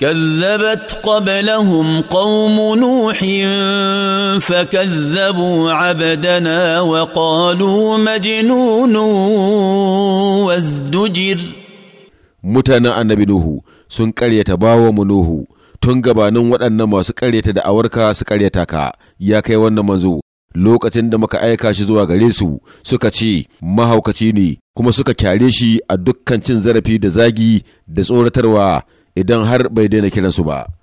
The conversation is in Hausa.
كذبت قبلهم قوم نوح فكذبوا عبدنا وقالوا مجنون وازدجر mutanen annabi Nuhu sun ƙaryata bawanmu Nuhu tun gabanin waɗannan masu ƙaryata da awarka su ƙaryata ka ya kai wannan manzo lokacin da muka aika shi zuwa gare su suka ce mahaukaci ne kuma suka kyare shi a dukkan cin zarafi da zagi da tsoratarwa idan har bai daina kiransu ba